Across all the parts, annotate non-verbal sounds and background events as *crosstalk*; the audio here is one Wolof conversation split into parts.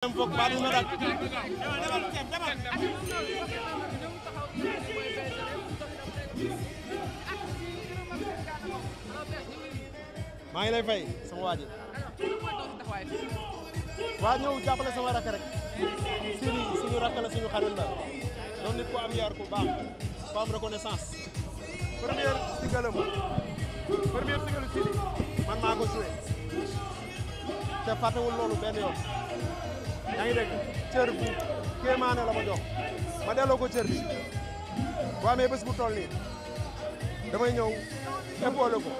dem fokk bari na nag maa ngi lay fay sama waa ji waa ñëw jàppale sama rakk rek sini suñu rakk la suñu xarit la doon nit ku am yar ku baax ku am reconnaissance première singalam première singalu sini man maa ko joué te fàttewul loolu benn yoon yaa ngi dégg cër bu kéemaane la ma jox ma delloo ko cër bi boo amee bés bu toll nii damay ñëw épaulé ko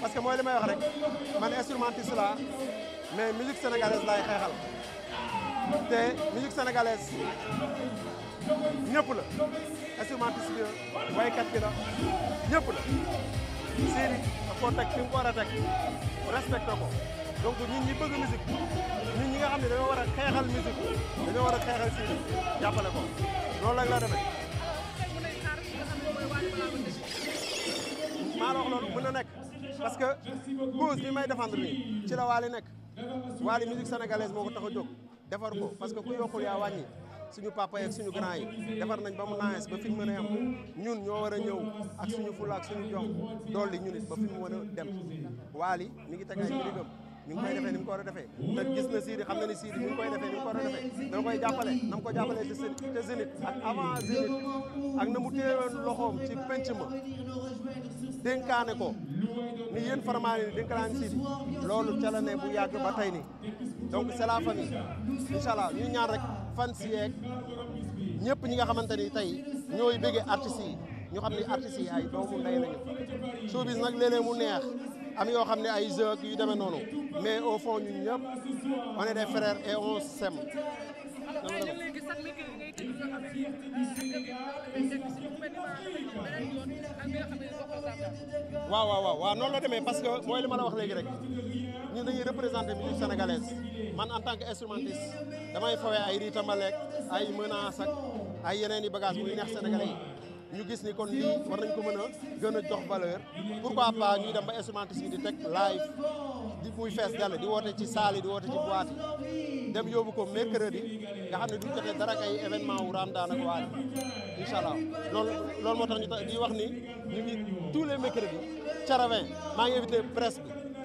parce que mooy li may wax rek man instrumentiste la mais musique sénégalaise laay xeexal te musique sénégalaise ñëpp la instrumentiste bi la waykat bi la ñëpp la Sidy ak koo teg fi ko donc ñun ñi bëgg musique ñun ñi nga xam ne dañoo war a xeexal musique dañoo war a xeexal Sidy jàppale ko loolu rek la demee. maa la mën na nekk parce que cause bi may défendre nii ci la Wally nekk Wally musique sénégalaise moo ko tax a jóg defar ko parce que ku yokkul yaa wàññi. suñu papa yi ak suñu grand yi defar nañ ba mu naes ba fi mu mën a yem ñun ñoo war a ñëw ak suñu fula ak suñu jom dolli ñun it ba fi mu mën a dem Wally mi ngi teg ay mbirigam ñu ngi koy defee ni mu ko war gis na Sidi xam na ni Sidi ñu koy defee ni ko war a defee na mu ko jàppalee te te ak avant Zénith ak na mu téewoon loxoom ci penc ma dénkaane ko ni yéen farmaane ni dénkaane Sidi loolu ca la ne bu yàgg ba tey ni donc c'est la famille incha allah ñu ñaan rek fan si yeeg ñëpp ñi nga xamante ni tey ñooy bëggee artistes yi ñu xam ni artistes yi ay doomu ndey lañu showbiz nag léeg-léeg mu neex am yoo xam ne ay jeux yu demee noonu mais au fond ñun ñëpp on est des frères et waaw waaw waaw waaw la demee parce que mooy li ma wax léegi rek ñun dañuy représenter musique sénégalaise man en tant que instrumentiste damay fawee ay lekk ay menaces ak ay yeneen i bagages muy neex sénégalais yi. ñu gis ni kon lii war nañ ko mën a gën a jox valeur pourquoi pas ñuy dem ba instrumentiste di teg live di muy fees dell di woote ci salle yi di woote ci boîte yi dem yóbbu ko mercredi nga xam ne duñ joxe dara ay événement wu Ramadan ak waale incha allah loolu loolu moo tax di wax ni ñu ngi tous les mercredis caravane maa ngi invité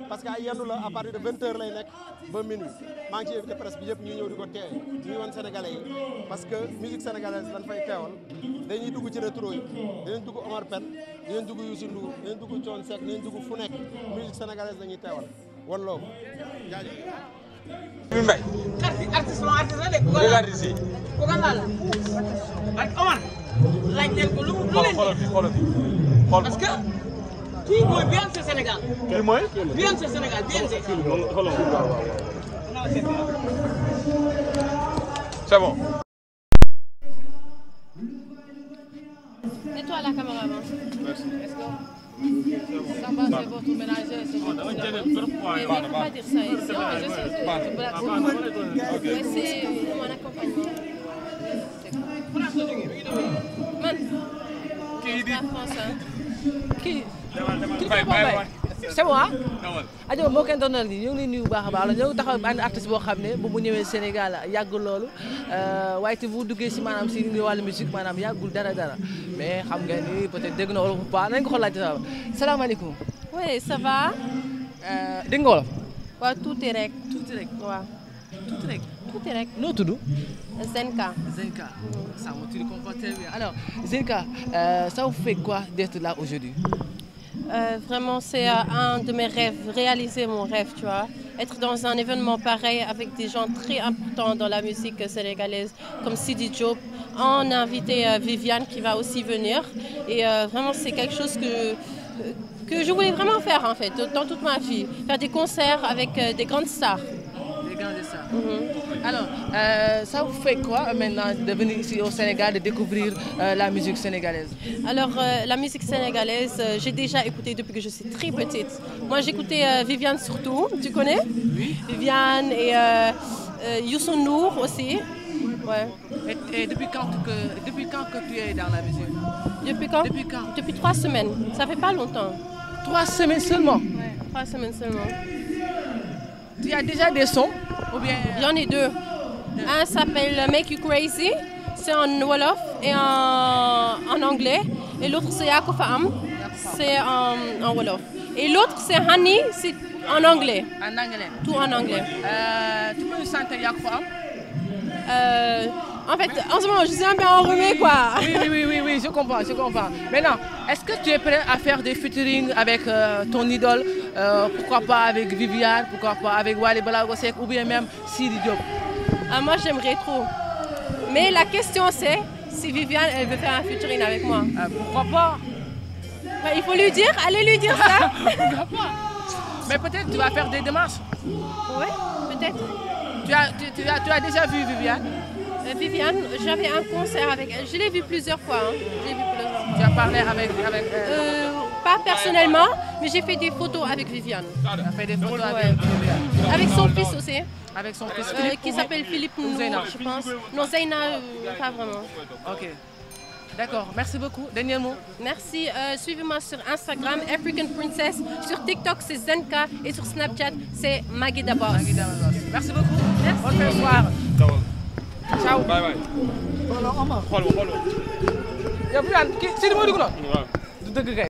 parce que ay yendu la de vingt heures lay nekk ba minuit maa ngi ci invité yëpp ñu ñëw di ko teewe ñu ngi yi parce que musique sénégalaise lañ fay teewal dañuy dugg ci rétro yi dinañ dugg Omar Pène dinañ dugg Youssou Ndour dinañ dugg Thione Seck dinañ dugg fu nekk musique sénégalaise lañuy teewal wan loo ko jaajëf bi mbay artiste Omar laaj leen ko lu lu kii mooy BNC Sénégal. kii mooy. BNC Sénégal BNC. c'est bon. Nettoie la caméra avant. Merci. Let's go. Samba, c'est votre ménager, c'est votre ménager. Mais on ne peut pas dire c'est bon ah. ajo moo kenn doonal nii ñu ngi lay bu baax a baax la ñoo taxaw benn artiste boo xam ne bu mu ñëwee Sénégal yàgg loolu euh, waaye te bu duggee si maanaam si wàllu musique maanaam yàggul dara dara mais xam nga ni peut-être dégg na wolof bu baax nañ ko xool laajte salaamaaleykum. oui ça va. Euh, dégg nga wolof. waaw tuuti rek. tuuti rek waaw. noo tudd. Zenka. Zenka. Ça me comprend très bien. Alors Zenka, euh, Euh, vraiment, c'est euh, un de mes rêves, réaliser mon rêve, tu vois. Être dans un événement pareil avec des gens très importants dans la musique sénégalaise, comme Sidi Diop. On a invité euh, Viviane qui va aussi venir. Et euh, vraiment, c'est quelque chose que, que je voulais vraiment faire, en fait, dans toute ma vie. Faire des concerts avec euh, des grandes stars. de ça. Mm -hmm. Alors, euh, ça vous fait quoi euh, maintenant de venir ici au Sénégal, de découvrir euh, la musique sénégalaise Alors, euh, la musique sénégalaise, euh, j'ai déjà écouté depuis que je suis très petite. Moi, j'écoutais euh, Viviane surtout, tu connais Oui. Viviane et Youssou Nour aussi. Ouais. Et, et, depuis, quand que, depuis quand que tu es dans la musique Depuis quand Depuis quand Depuis trois semaines. Ça fait pas longtemps. Trois semaines seulement Oui, trois semaines seulement. Tu as déjà des sons Ou bien... Euh, J'en ai deux. deux. Un s'appelle Make You Crazy, c'est en Wolof et en, en anglais. Et l'autre, c'est Yakofam, c'est en, en, Wolof. Et l'autre, c'est Hani, c'est en anglais. En anglais. Tout en anglais. Euh, tu peux nous sentir Yakofam euh, en fait, en ce moment, je suis un peu enrhumée, oui, quoi. Oui, oui, oui, je comprends, je comprends. Maintenant, est-ce que tu es prêt à faire des featuring avec euh, ton idole euh, Pourquoi pas avec Viviane Pourquoi pas avec Wally Balagosek ou bien même Siri Diop ah, Moi, j'aimerais trop. Mais la question, c'est si Viviane, elle veut faire un featuring avec moi. Euh, pourquoi pas bah, Il faut lui dire, allez lui dire ça. *laughs* Mais peut-être tu vas faire des démarches. Oui, peut-être. Euh, Viviane, j'avais un concert avec elle. Je l'ai Vu plusieurs fois. Euh, pas personnellement, mais j'ai fait des photos avec Viviane. avec son fils aussi. Euh, qui s'appelle Philippe Mou, je pense. Non, pas vraiment. D'accord, merci beaucoup. Dernier mot. Merci. Euh, Suivez-moi sur Instagram, African Princess. Sur TikTok, c'est Zenka. Et sur Snapchat, Maggie Dabos. Saaw bàyyi bàyyi. xooloo xooloo. yow bu daan kii Sidi moo dugg noonu. waaw du dëgg kay.